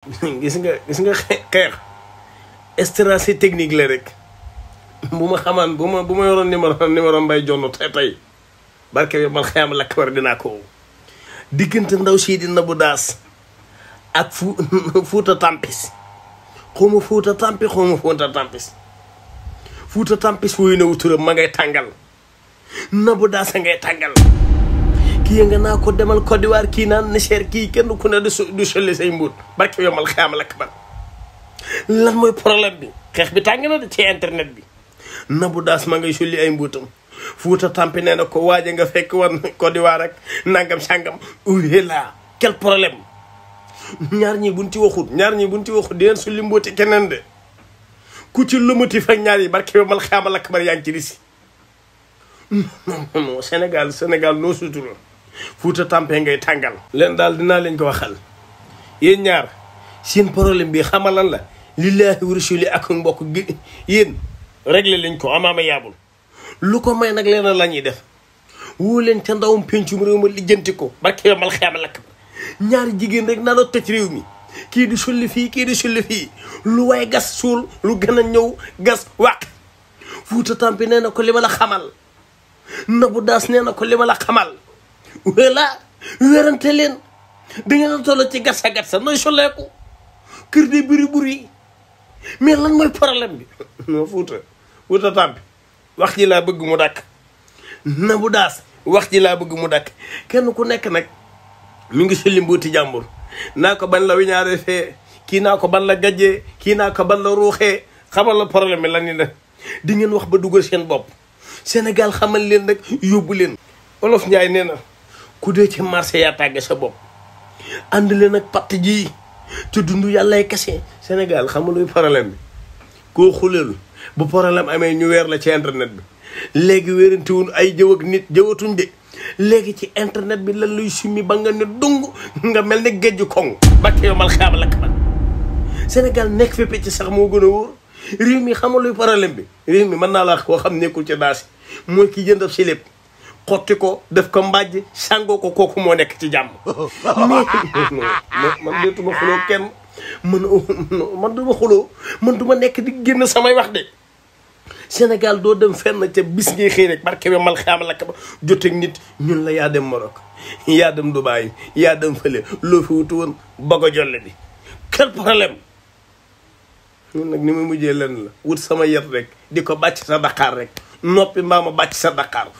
gis nga gis nga xeex stratégie technique la rek bu ma xamaan bu ma bu ma yoroon numéro numéro mbay jonn tey tey barke bi man xëyam lakk war dinaa ko diggante ndaw sii di nabu daas ak fu fuuta tampis xawma fuuta tampis fuuta tampis fuuta tampis ne wuturam ma ngay tàngal nabu daas a ngay tàngal kii naa ko demal Côte d'Ivoire kii naan na cher kii kenn ku ne du su du solli say mbuut barke yomal xiyaamal ak lan mooy problème bi xeex bi tàng na de ci internet bi Nabou Daas ma ngay solli ay mbuutam Fouta Tampi nee na ko waaja nga fekk war Côte d'Ivoire ak nangam sangam uhela quel problème ñaar ñi buñ ci waxut ñaar ñi buñ ci waxut di leen sulli mbuuti keneen de ku ci lumuti fa ñaar yi barke yomal xiyaamal ak bar yaa ngi ci risi non non Sénégal Sénégal noo sutura fuuta tàmpee ngay tàngal leen daal dinaa leen ko waxal yéen ñaar seen problème bi xamalan la lillaahi wa rasuli ak mbokk gi yéen réglé lañ ko amaama yaabul lu ko may nag leena la ñuy def woo leen ca ndawum pencum réew ma lijjanti ko barke yo mal xeama lakk ñaari jigéen rek naanoo toj réew mi kii di sulli fii kii di sulli fii lu waaye gas suul lu gën a ñëw gas wàq fuuta tàmpi nee na ko li a la xamal nabu daas nee na ko li ma xamal voilà wérante leen di ngeen a ci gatsa gatsa nooy soleeku kër de buri buri mais lan mooy problème bi non fuuta fuuta tàmpi wax ji laa bëgg mu dakk na bu daas wax ji laa bëgg mu dakk kenn ku nekk nag mi ngi sulli mbuuti jàmbur naa ko ban la wiñaare fee kii naa ko ban la gajjee kii naa ko ban la ruuxee xamal la problème bi lan ni nag di ngeen wax ba dugal seen bopp Sénégal xamal leen nag yóbbu leen olof Njaay nee na ku dee ci marché yaa tàgge sa bopp ànd leen ak patt ji ci dund yàllay kese Sénégal xam nga luy problème bi koo xulelu bu problème amee ñu weer la ci internet bi léegi wérantiwun ay jëw nit jëwatuñ de léegi ci internet bi lan luy summi ba nga ne dung nga mel ne géej koŋ bakke yo mal xaaba lakk man Sénégal nekk fi picc sax moo gën a wóor réew mi xam nga luy problème bi réew mi mën naa la koo xam nekkul ci daasi mooy ki jëndab si lépp xotti ko def ko mbàjj sàngoo ko kooku moo nekk ci jàmm. non man kenn man oh, man duma xuloo man duma nekk di génn samay wax de. Sénégal doo dem fenn ca bis ngay xëy rek barke bi mal xaamal lakk ba joteeg nit ñun la yaa dem Maroc yaa dem Dubaï yaa dem fële loo fi wutu woon bëgg a jolle bi quel problème. nag ni mu mujjee la wut sama yet rek di ko bàcc sa Dakar rek noppi mbaa ma bàcc sa Dakar.